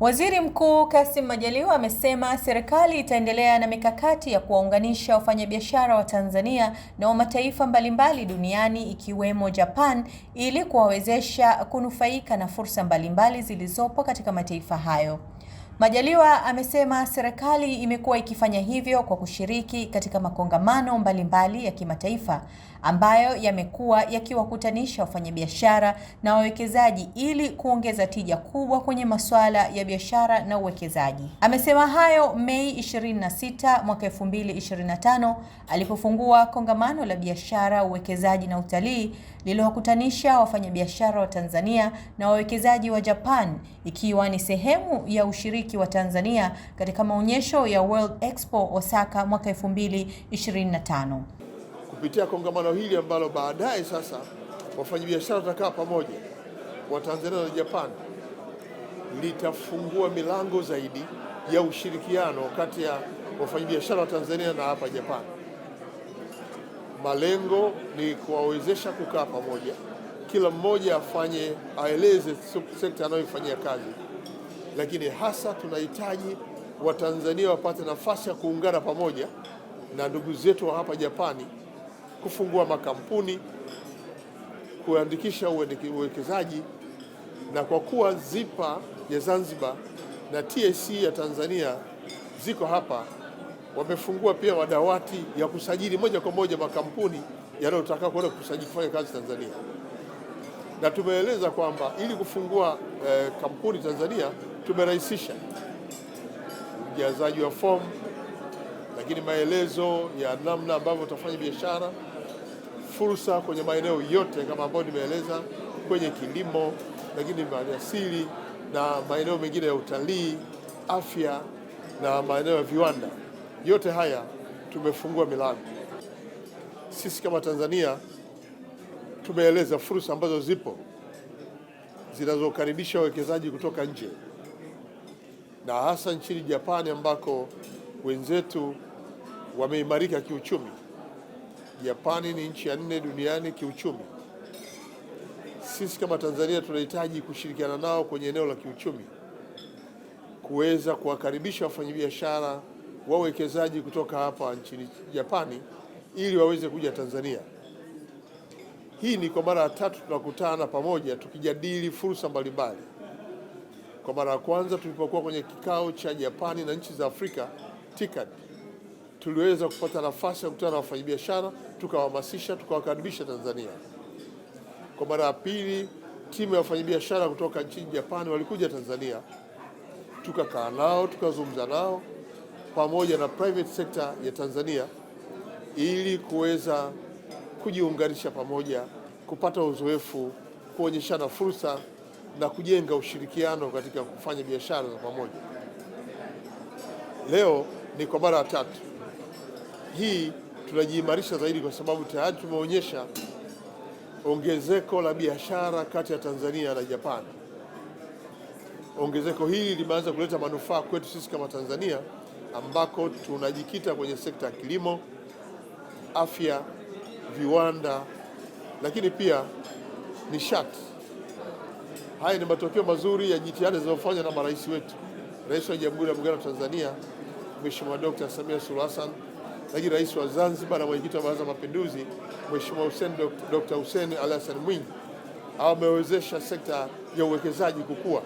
Waziri Mkuu Kassim Majaliwa amesema serikali itaendelea na mikakati ya kuwaunganisha wafanyabiashara wa Tanzania na wa mataifa mbalimbali duniani ikiwemo Japan ili kuwawezesha kunufaika na fursa mbalimbali zilizopo katika mataifa hayo. Majaliwa amesema serikali imekuwa ikifanya hivyo kwa kushiriki katika makongamano mbalimbali mbali ya kimataifa ambayo yamekuwa yakiwakutanisha wafanyabiashara na wawekezaji ili kuongeza tija kubwa kwenye masuala ya biashara na uwekezaji. Amesema hayo Mei 26 mwaka 2025 alipofungua kongamano la biashara, uwekezaji na utalii lililowakutanisha wafanyabiashara wa Tanzania na wawekezaji wa Japan ikiwa ni sehemu ya ushiriki Mashariki wa Tanzania katika maonyesho ya World Expo Osaka mwaka 2025. Kupitia kongamano hili ambalo baadaye sasa wafanyabiashara watakaa pamoja wa Tanzania na Japan litafungua milango zaidi ya ushirikiano kati ya wafanyabiashara wa Tanzania na hapa Japan. Malengo ni kuwawezesha kukaa pamoja, kila mmoja afanye, aeleze sekta anayofanyia kazi lakini hasa tunahitaji Watanzania wapate nafasi ya kuungana pamoja na ndugu zetu wa hapa Japani kufungua makampuni, kuandikisha uwekezaji, na kwa kuwa ZIPA ya Zanzibar na TSC ya Tanzania ziko hapa, wamefungua pia madawati ya kusajili moja kwa moja makampuni yanayotaka kwenda kusajili kufanya kazi Tanzania na tumeeleza kwamba ili kufungua eh, kampuni Tanzania tumerahisisha ujazaji wa fomu, lakini maelezo ya namna ambavyo utafanya biashara, fursa kwenye maeneo yote kama ambayo nimeeleza kwenye kilimo, lakini maliasili na maeneo mengine ya utalii, afya na maeneo ya viwanda. Yote haya tumefungua milango. Sisi kama Tanzania tumeeleza fursa ambazo zipo zinazokaribisha wawekezaji kutoka nje na hasa nchini Japani ambako wenzetu wameimarika kiuchumi. Japani ni nchi ya nne duniani kiuchumi. Sisi kama Tanzania tunahitaji kushirikiana nao kwenye eneo la kiuchumi kuweza kuwakaribisha wafanyabiashara wawekezaji kutoka hapa nchini Japani ili waweze kuja Tanzania. Hii ni kwa mara ya tatu tunakutana pamoja tukijadili fursa mbalimbali. Kwa mara ya kwanza tulipokuwa kwenye kikao cha Japani na nchi za Afrika TICAD, tuliweza kupata nafasi ya kukutana na wafanyabiashara, tukawahamasisha, tukawakaribisha Tanzania. Kwa mara ya pili timu ya wafanyabiashara kutoka nchini Japani walikuja Tanzania, tukakaa nao, tukazungumza nao pamoja na private sector ya Tanzania ili kuweza kujiunganisha pamoja, kupata uzoefu, kuonyeshana fursa na kujenga ushirikiano katika kufanya biashara za pamoja. Leo ni kwa mara ya tatu hii, tunajiimarisha zaidi kwa sababu tayari tumeonyesha ongezeko la biashara kati ya Tanzania na Japan. Ongezeko hili limeanza kuleta manufaa kwetu sisi kama Tanzania ambako tunajikita kwenye sekta ya kilimo, afya viwanda, lakini pia nishati. Haya ni matokeo mazuri ya jitihada zinazofanywa na marais wetu, Rais wa Jamhuri ya Muungano wa Tanzania Mheshimiwa Dr. Samia Suluhu Hassan, lakini Rais wa Zanzibar na Mwenyekiti wa Baraza la Mapinduzi Mheshimiwa Hussein Dr. Hussein Ali Hassan Mwinyi amewezesha sekta ya uwekezaji kukua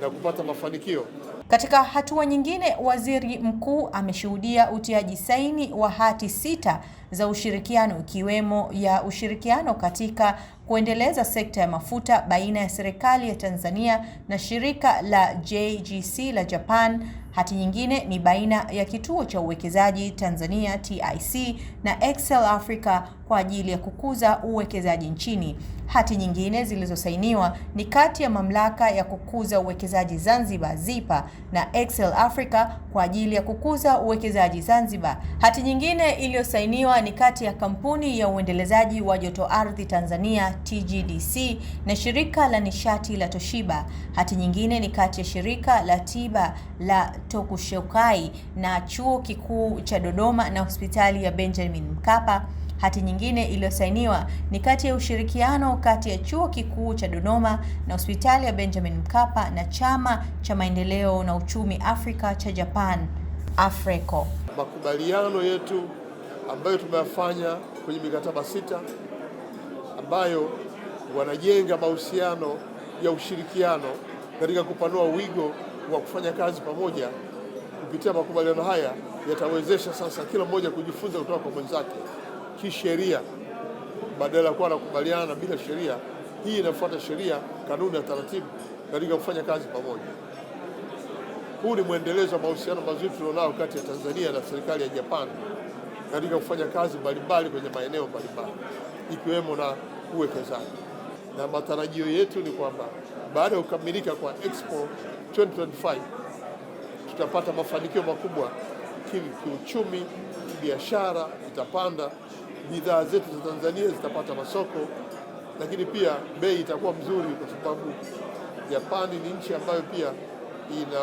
na kupata mafanikio. Katika hatua nyingine, waziri mkuu ameshuhudia utiaji saini wa hati sita za ushirikiano ikiwemo ya ushirikiano katika kuendeleza sekta ya mafuta baina ya serikali ya Tanzania na shirika la JGC la Japan. Hati nyingine ni baina ya Kituo cha Uwekezaji Tanzania TIC na Excel Africa kwa ajili ya kukuza uwekezaji nchini. Hati nyingine zilizosainiwa ni kati ya Mamlaka ya Kukuza Uwekezaji Zanzibar ZIPA na Excel Africa kwa ajili ya kukuza uwekezaji Zanzibar. Hati nyingine iliyosainiwa ni kati ya Kampuni ya Uendelezaji wa Joto Ardhi Tanzania TGDC na Shirika la Nishati la Toshiba. Hati nyingine ni kati ya Shirika la Tiba la Tokushokai na Chuo Kikuu cha Dodoma na Hospitali ya Benjamin Mkapa. Hati nyingine iliyosainiwa ni kati ya ushirikiano kati ya Chuo Kikuu cha Dodoma na Hospitali ya Benjamin Mkapa na Chama cha Maendeleo na Uchumi Afrika cha Japan Afreco. Makubaliano yetu ambayo tumeyafanya kwenye mikataba sita ambayo wanajenga mahusiano ya ushirikiano katika kupanua wigo wa kufanya kazi pamoja. Kupitia makubaliano haya yatawezesha sasa kila mmoja kujifunza kutoka kwa mwenzake kisheria badala ya kuwa anakubaliana bila sheria. Hii inafuata sheria, kanuni na taratibu katika kufanya kazi pamoja. Huu ni mwendelezo wa mahusiano mazuri tulionao kati ya Tanzania na serikali ya Japan katika kufanya kazi mbalimbali kwenye maeneo mbalimbali ikiwemo na uwekezaji, na matarajio yetu ni kwamba baada ya kukamilika kwa Expo 2025 tutapata mafanikio makubwa kiuchumi, kibiashara itapanda bidhaa zetu za Tanzania zitapata masoko, lakini pia bei itakuwa mzuri, kwa sababu Japani ni nchi ambayo pia ina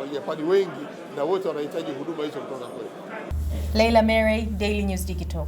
Wajapani wengi na wote wanahitaji huduma hizo kutoka kwetu. Leila Mary, Daily News Digital.